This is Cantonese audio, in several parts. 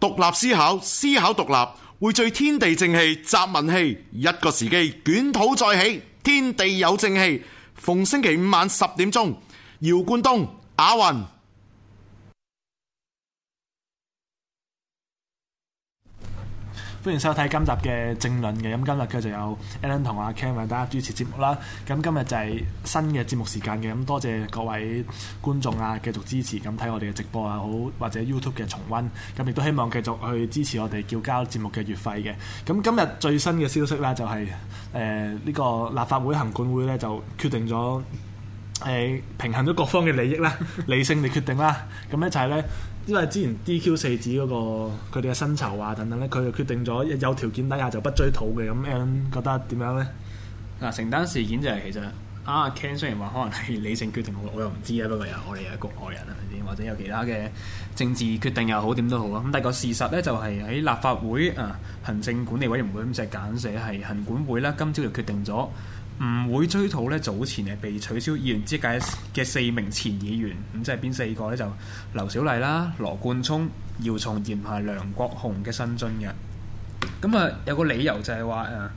獨立思考，思考獨立，匯聚天地正氣、集文氣，一個時機，捲土再起，天地有正氣。逢星期五晚十點鐘，姚冠東亞雲。歡迎收睇今集嘅政論，咁今日繼續有 Allen 同阿 Ken 大家主持節目啦。咁今日就係新嘅節目時間嘅，咁多謝各位觀眾啊繼續支持，咁睇我哋嘅直播啊好，或者 YouTube 嘅重温，咁亦都希望繼續去支持我哋叫交節目嘅月費嘅。咁今日最新嘅消息咧就係誒呢個立法會行管會咧就決定咗誒、呃、平衡咗各方嘅利益啦， 理性地決定啦。咁咧就係、是、咧。因為之前 DQ 四子嗰、那個佢哋嘅薪酬啊等等咧，佢就決定咗有條件底下就不追討嘅咁樣，Allen 覺得點樣呢？嗱、呃，成單事件就係其實啊，Ken 雖然話可能係理性決定，我又我又唔知啊。不過又我哋又局外人啊，或者有其他嘅政治決定又好點都好啊。咁但係個事實咧就係、是、喺立法會啊、呃，行政管理委員會咁就是、簡寫係行管會啦，今朝就決定咗。唔會追討咧，早前嘅被取消議員資格嘅四名前議員，咁即係邊四個呢？就劉小麗啦、羅冠聰、姚松炎同梁國雄嘅薪津嘅。咁啊，有個理由就係話誒，依、啊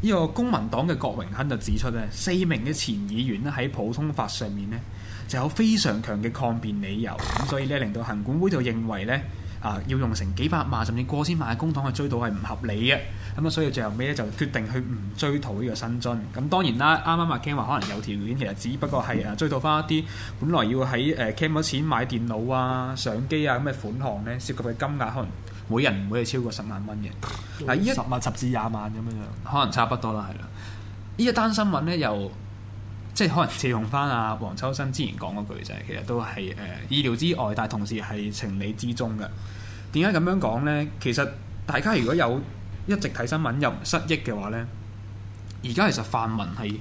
呢個公民黨嘅郭榮鏗就指出咧，四名嘅前議員咧喺普通法上面咧就有非常強嘅抗辯理由，咁所以咧令到行管會就認為咧。啊！要用成幾百萬甚至過千萬嘅公帑去追討係唔合理嘅，咁啊，所以最後尾咧就決定去唔追討呢個新津。咁當然啦，啱啱阿 Ken 話可能有條件，其實只不過係啊追討翻一啲本來要喺誒攢咗錢買電腦啊、相機啊咁嘅款項咧，涉及嘅金額可能每人唔會係超過十萬蚊嘅。嗱，呢一十萬、十至廿萬咁樣樣，可能差不多啦，係啦。呢一單新聞咧又～由即係可能借用翻阿黃秋生之前講嗰句就係，其實都係誒、呃、意料之外，但係同時係情理之中嘅。點解咁樣講咧？其實大家如果有一直睇新聞又唔失憶嘅話咧，而家其實泛民係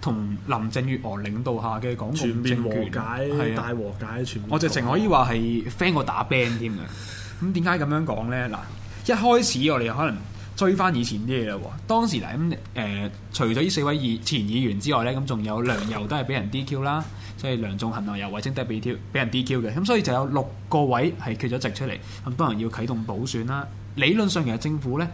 同林鄭月娥領導下嘅港共政權，全面和解、的大和解、全面和解，我直情可以話係 friend 過打 Band 添嘅。咁點解咁樣講咧？嗱，一開始我哋可能。追翻以前啲嘢啦喎，當時嚟咁誒，除咗呢四位議前議員之外咧，咁仲有梁游都係俾人 DQ 啦，即係梁頌恆、梁游、蕙禎都係，俾人 DQ 嘅，咁所以就有六個位係缺咗席出嚟，咁、嗯、多人要啟動補選啦。理論上其實政府咧，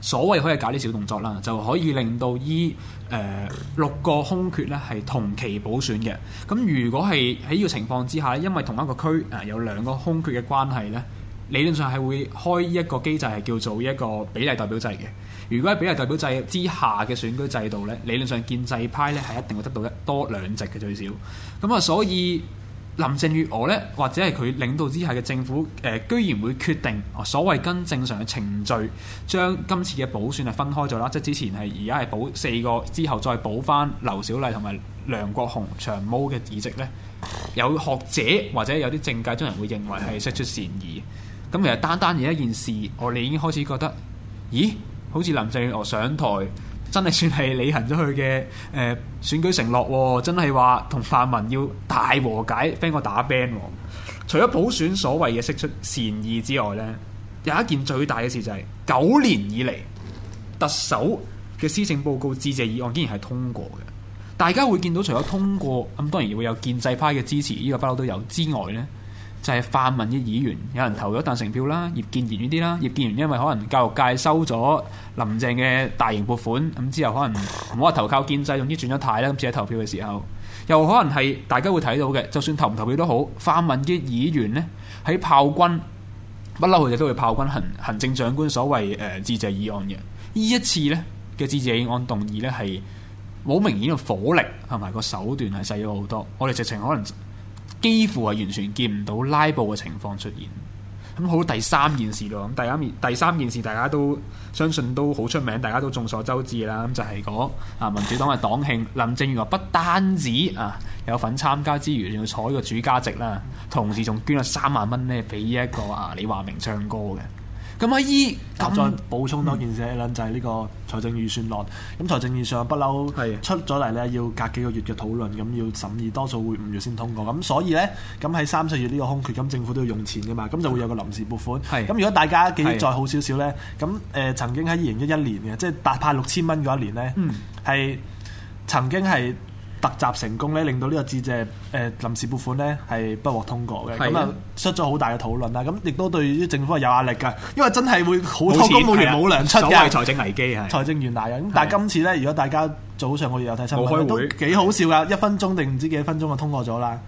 所謂可以搞啲小動作啦，就可以令到依誒、呃、六個空缺咧係同期補選嘅。咁、嗯、如果係喺呢個情況之下，因為同一個區啊、呃、有兩個空缺嘅關係咧。理論上係會開一個機制係叫做一個比例代表制嘅。如果喺比例代表制之下嘅選舉制度呢，理論上建制派呢係一定會得到一多兩席嘅最少。咁啊，所以林鄭月娥呢，或者係佢領導之下嘅政府誒、呃，居然會決定所謂跟正常嘅程序將今次嘅補選係分開咗啦。即係之前係而家係補四個，之後再補翻劉小麗同埋梁國雄長毛嘅議席，呢，有學者或者有啲政界中人會認為係釋出善意。咁其實單單而一件事，我哋已經開始覺得，咦？好似林鄭月娥上台，真係算係履行咗佢嘅誒選舉承諾喎，真係話同泛民要大和解，friend 過打 band。除咗普選所謂嘅釋出善意之外呢，有一件最大嘅事就係、是、九年以嚟特首嘅施政報告致謝議案竟然係通過嘅。大家會見到，除咗通過咁，當然會有建制派嘅支持，呢、這個不嬲都有之外呢。就係泛民嘅議員，有人投咗但成票啦，葉建源呢啲啦，葉建源因為可能教育界收咗林鄭嘅大型撥款，咁之後可能唔好話投靠建制，總之轉咗軚啦。今次喺投票嘅時候，又可能係大家會睇到嘅，就算投唔投票都好，泛民嘅議員呢喺炮轟，不嬲佢哋都會炮轟行行政長官所謂誒致謝議案嘅。呢一次呢嘅致謝議案動議呢，係冇明顯嘅火力同埋個手段係細咗好多，我哋直情可能。幾乎係完全見唔到拉布嘅情況出現。咁好，第三件事咯，咁大家第三件事大家都相信都好出名，大家都眾所周知啦。咁就係講啊民主黨嘅黨慶，林鄭月娥不單止啊有份參加之餘，仲要坐呢個主家席啦，同時仲捐咗三萬蚊咧俾呢一個啊李華明唱歌嘅。咁阿姨，咁、 啊、再補充多件事咧，嗯、就係呢個財政預算案。咁財政預算案不嬲出咗嚟咧，要隔幾個月嘅討論，咁的要審議，多數會五月先通過。咁所以咧，咁喺三四月呢個空缺，咁政府都要用錢嘅嘛，咁就會有個臨時撥款。咁的如果大家記憶再好少少咧，咁誒的、呃、曾經喺二零一一年嘅，即係大派六千蚊嗰一年咧，係曾經係。集成功咧，令到致謝、呃、臨呢個致謝誒臨時撥款咧係不獲通過嘅，咁啊的出咗好大嘅討論啦，咁亦都對於政府係有壓力噶，因為真係會好多公務員冇糧出因所謂財政危機係財政懸崖，但係今次咧，如果大家。早上我月又睇出嚟都幾好笑㗎，一分鐘定唔知幾分鐘就通過咗啦。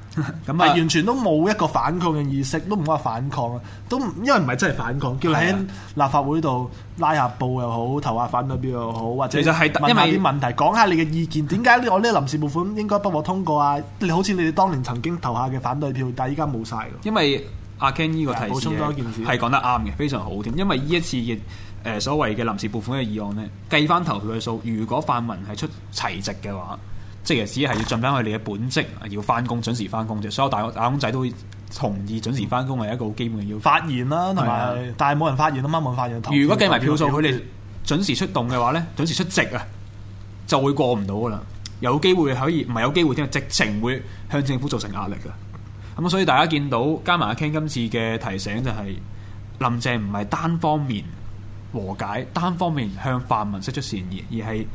咁啊，完全都冇一個反抗嘅意識，都唔話反抗啊，都因為唔係真係反抗，叫喺立法會度拉下布又好，投下反對票又好，或者問下啲問題，講下你嘅意見，點解我呢個臨時撥款應該幫我通過啊？好你好似你哋當年曾經投下嘅反對票，但係依家冇晒。因為阿 Ken 呢個提議，補充多件事係講得啱嘅，非常好啲。因為呢一次亦……誒，所謂嘅臨時撥款嘅議案咧，計翻投票嘅數，如果泛民係出齊席嘅話，即係只係要盡翻佢哋嘅本職，要返工準時返工啫。所有打工打工仔都會同意準時返工係一個好基本嘅要發言啦，同埋但係冇人發言啊嘛，冇的人發言。發現如果計埋票數，佢哋準時出動嘅話咧，準時出席啊，就會過唔到噶啦。有機會可以唔係有機會添啊，直情會向政府造成壓力嘅。咁所以大家見到加埋阿 Ken 今次嘅提醒就係、係、林鄭唔係單方面。和解，單方面向泛民釋出善意，而係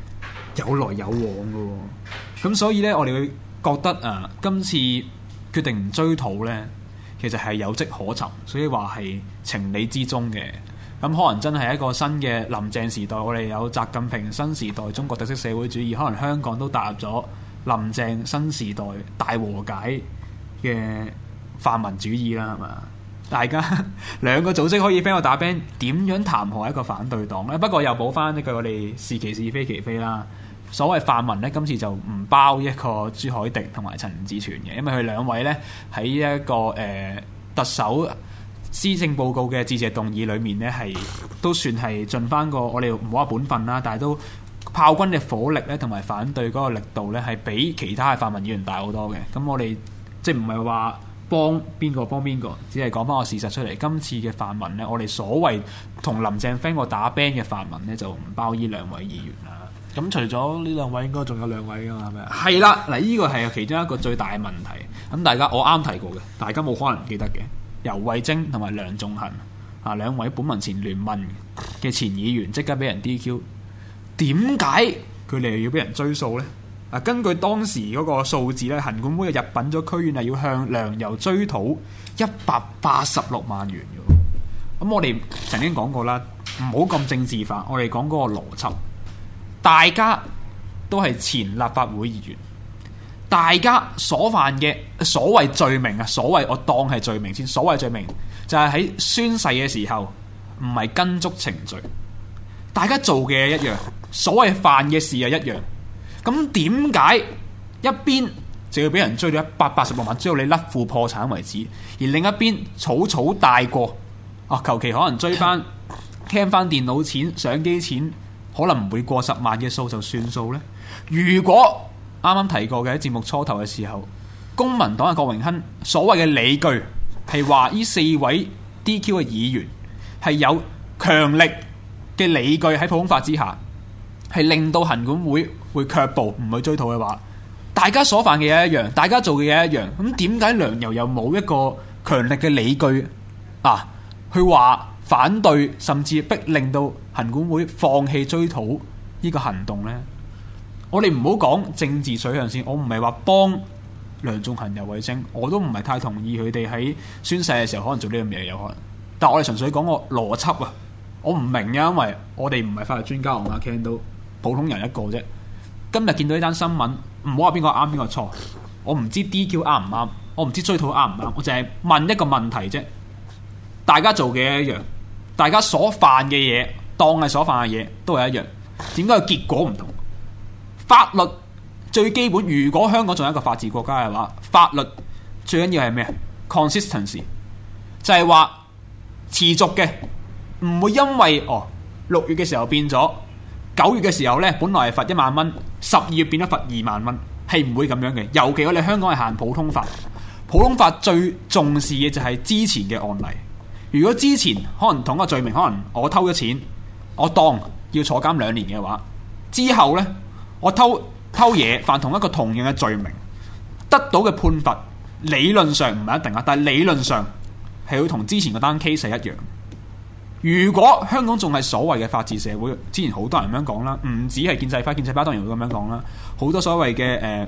有來有往嘅。咁所以呢，我哋會覺得啊，今次決定唔追討呢，其實係有跡可尋，所以話係情理之中嘅。咁可能真係一個新嘅林鄭時代，我哋有習近平新時代中國特色社會主義，可能香港都踏入咗林鄭新時代大和解嘅泛民主義啦，係嘛？大家兩個組織可以 f 我打兵，r i e 點樣談何一個反對黨呢？不過又補翻一句，我哋是其是非其非啦。所謂泛民呢，今次就唔包一個朱凱迪同埋陳志全嘅，因為佢兩位呢，喺一個誒、呃、特首施政報告嘅致謝動議裏面呢，係都算係盡翻個我哋唔好話本分啦，但係都炮轟嘅火力呢，同埋反對嗰個力度呢，係比其他嘅泛民議員大好多嘅。咁我哋即係唔係話。幫邊個幫邊個？只係講翻個事實出嚟。今次嘅泛民呢，我哋所謂同林鄭 friend 過打 Band 嘅泛民呢，就唔包依兩位議員啊。咁、嗯、除咗呢兩位，應該仲有兩位噶嘛？係咪係啦，嗱，呢個係其中一個最大嘅問題。咁大家我啱提過嘅，大家冇可能記得嘅，游蕙禎同埋梁頌恆啊兩位本民前聯民嘅前議員，即刻俾人 DQ，點解佢哋又要俾人追數呢？根據當時嗰個數字咧，行管會入稟咗區院，要向梁游追討一百八十六萬元嘅。咁、嗯、我哋曾經講過啦，唔好咁政治化，我哋講嗰個邏輯，大家都係前立法會議員，大家所犯嘅所謂罪名啊，所謂我當係罪名先，所謂罪名就係、是、喺宣誓嘅時候唔係跟足程序，大家做嘅一樣，所謂犯嘅事又一樣。咁點解一邊就要俾人追到一百八十六萬，追到你甩褲破產為止，而另一邊草草帶過啊？求其可能追翻，聽翻電腦錢、相機錢，可能唔會過十萬嘅數就算數呢？如果啱啱提過嘅喺節目初頭嘅時候，公民黨嘅郭榮鏗所謂嘅理據係話，呢四位 DQ 嘅議員係有強力嘅理據喺普通法之下。係令到行管會會卻步唔去追討嘅話，大家所犯嘅嘢一樣，大家做嘅嘢一樣，咁點解梁游又冇一個強力嘅理據啊去話反對甚至逼令到行管會放棄追討呢個行動呢？我哋唔好講政治水向線，我唔係話幫梁頌恆游蕙禎，我都唔係太同意佢哋喺宣誓嘅時候可能做呢樣嘢有可能，但我哋純粹講個邏輯啊，我唔明啊，因為我哋唔係法律專家，我唔係聽到。普通人一個啫，今日見到呢單新聞，唔好話邊個啱邊個錯，我唔知 DQ 啱唔啱，我唔知追討啱唔啱，我淨係問一個問題啫。大家做嘅一樣，大家所犯嘅嘢，當係所犯嘅嘢，都係一樣，點解個結果唔同？法律最基本，如果香港仲有一個法治國家嘅話，法律最緊要係咩？Consistency 就係話持續嘅，唔會因為哦六月嘅時候變咗。九月嘅時候呢，本來係罰一萬蚊，十二月變咗罰二萬蚊，係唔會咁樣嘅。尤其我哋香港係行普通法，普通法最重視嘅就係之前嘅案例。如果之前可能同一個罪名，可能我偷咗錢，我當要坐監兩年嘅話，之後呢，我偷偷嘢犯同一個同樣嘅罪名，得到嘅判罰理論上唔係一定啊，但係理論上係會同之前個單 case 係一樣。如果香港仲係所謂嘅法治社會，之前好多人咁樣講啦，唔止係建制派，建制派當然會咁樣講啦。好多所謂嘅、呃、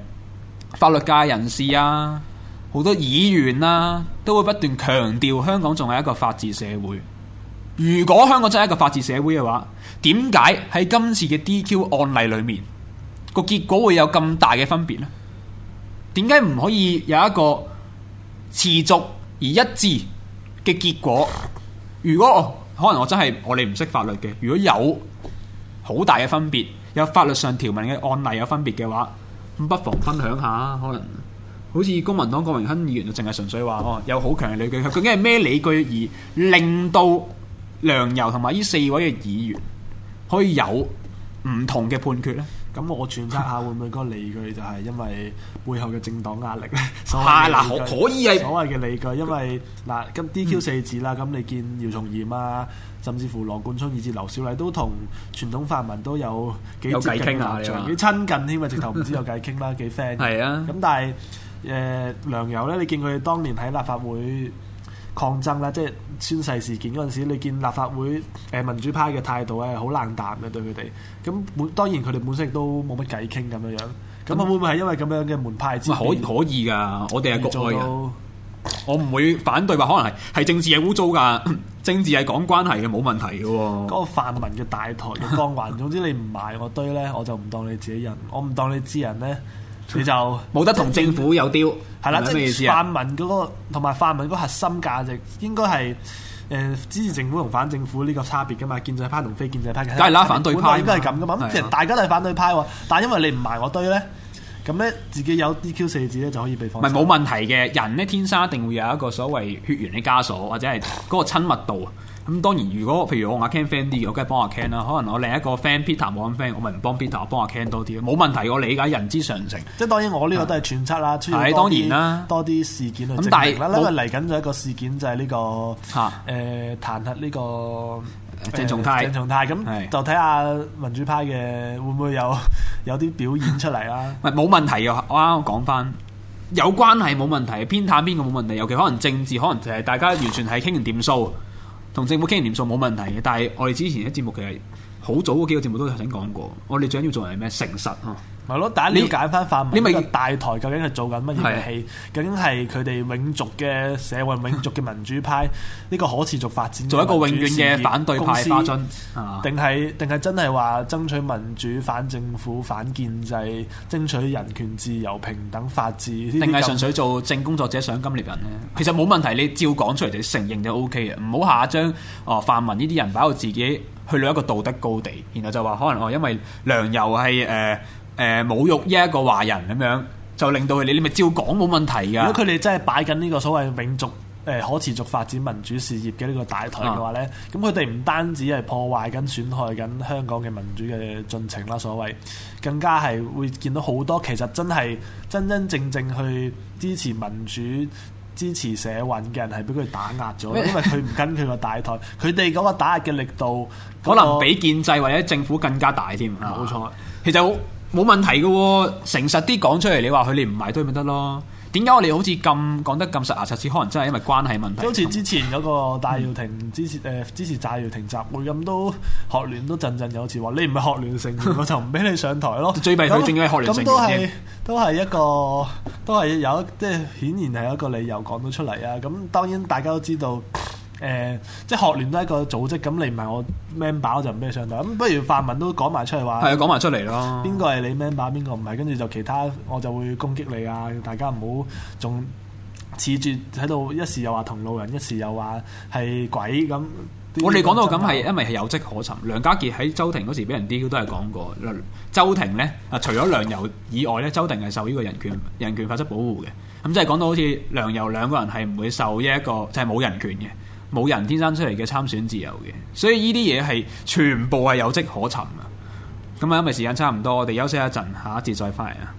法律界人士啊，好多議員啊，都會不斷強調香港仲係一個法治社會。如果香港真係一個法治社會嘅話，點解喺今次嘅 DQ 案例裡面個結果會有咁大嘅分別呢？點解唔可以有一個持續而一致嘅結果？如果可能我真係，我哋唔識法律嘅，如果有好大嘅分別，有法律上條文嘅案例有分別嘅話，咁不妨分享下。可能好似公民黨郭榮鏗議員就淨係純粹話哦，有好強嘅理據，究竟係咩理據而令到梁游同埋呢四位嘅議員可以有唔同嘅判決呢？咁我揣測下會唔會嗰個理據就係因為背後嘅政黨壓力咧？係嗱，可以係所謂嘅理據，因為嗱，咁 DQ 四字啦，咁你見姚松炎啊，嗯、甚至乎羅冠聰，以至劉小麗都同傳統泛民都有幾接近有啊，幾親近添 啊，直頭唔知有偈傾啦，幾 friend。係啊。咁但係誒梁友咧，你見佢當年喺立法會。抗爭咧，即係宣誓事件嗰陣時，你見立法會誒民主派嘅態度咧，好冷淡嘅對佢哋。咁本當然佢哋本身亦都冇乜偈傾咁樣樣。咁啊、嗯，會唔會係因為咁樣嘅門派？之可可以噶，我哋係局外我唔會反對話，可能係係政治係污糟噶， 政治係講關係嘅，冇問題嘅喎。嗰個泛民嘅大台嘅光環， 總之你唔埋我堆咧，我就唔當你自己人，我唔當你知人咩？你就冇得同政府有丟，係啦、嗯，是是即係泛民嗰、嗰個同埋泛民嗰核心價值應該係誒支持政府同反政府呢個差別㗎嘛，建制派同非建制派嘅。梗係啦，反對派應該係咁㗎嘛。咁其實大家都係反對派喎，但係因為你唔埋我堆咧，咁咧自己有 DQ 四字咧就可以被放。唔係冇問題嘅，人咧天生一定會有一個所謂血緣嘅枷鎖或者係嗰個親密度。咁當然，如果譬如我阿 Ken friend 啲，我梗係幫阿 Ken 啦。可能我另一個 friend Peter 冇咁 friend，我咪唔幫 Peter，我幫阿 Ken 多啲冇問題，我理解人之常情。即係當然，我呢個都係揣測啦。出現的多啲多啲事件去證明啦。但因為嚟緊就一個事件就係呢、呢個誒彈、啊呃、劾呢、呢個鄭松、呃、泰。鄭松泰咁就睇下民主派嘅會唔會有有啲表演出嚟啦。唔係冇問題嘅，我啱啱講翻有關係冇問題，偏袒邊個冇問題。尤其可能政治，可能就係大家完全係傾完點數。同政府傾年數冇問題嘅，但係我哋之前嘅節目其實好早嗰幾個節目都係咁講過， 我哋最緊要做人係咩？誠實啊！咪咯，大家瞭解翻泛民呢個大台究竟係做緊乜嘢戲，是究竟係佢哋永續嘅社會、永續嘅民主派呢 個可持續發展，做一個永遠嘅反對派先，定係定係真係話爭取民主、反政府、反建制、爭取人權、自由、平等、法治，定係純粹做正工作者賞金獵人咧？ 其實冇問題，你照講出嚟你承認就 O K 嘅，唔好下張哦泛民呢啲人擺到自己去到一個道德高地，然後就話可能哦，哦，因為梁游係誒。呃呃誒、呃、侮辱呢一個華人咁樣，就令到佢你你咪照講冇問題㗎。如果佢哋真係擺緊呢個所謂永續誒、呃、可持續發展民主事業嘅呢個大台嘅話呢，咁佢哋唔單止係破壞緊、損害緊香港嘅民主嘅進程啦，所謂更加係會見到好多其實真係真真正，正正去支持民主、支持社運嘅人係俾佢哋打壓咗，麼因為佢唔跟佢個大台，佢哋嗰個打壓嘅力度、嗰個、可能比建制或者政府更加大添。冇、啊、錯，其實好。冇問題嘅，誠實啲講出嚟。你話佢你唔埋堆咪得咯？點解我哋好似咁講得咁實牙實齒？可能真係因為關係問題。好似之前嗰個戴耀廷，之前誒之前戴耀廷集會咁，都學聯都振振有詞話：你唔係學聯成員 我就唔俾你上台咯。最弊佢正係學聯成員。咁那都係都係一個都係有一即係顯然係一個理由講到出嚟啊！咁當然大家都知道。 誒、呃，即係學聯都一個組織，咁你唔係我 member 就唔俾上台。咁不如泛民都講埋出嚟話，係啊講埋出嚟咯。邊個係你 member，邊個唔係？跟住就其他我就會攻擊你啊！大家唔好仲恃住喺度，一時又話同路人，一時又話係鬼咁。我哋講到咁係，因為係有跡可尋。梁家傑喺周庭嗰時俾人 DQ 都係講過。周庭咧啊，除咗梁游以外咧，周庭係受呢個人權、人權法則保護嘅。咁即係講到好似梁游兩個人係唔會受呢、這、一個即係冇人權嘅。冇人天生出嚟嘅參選自由嘅，所以呢啲嘢係全部係有跡可尋啊！咁啊，因為時間差唔多，我哋休息一陣，下一節再翻嚟啊！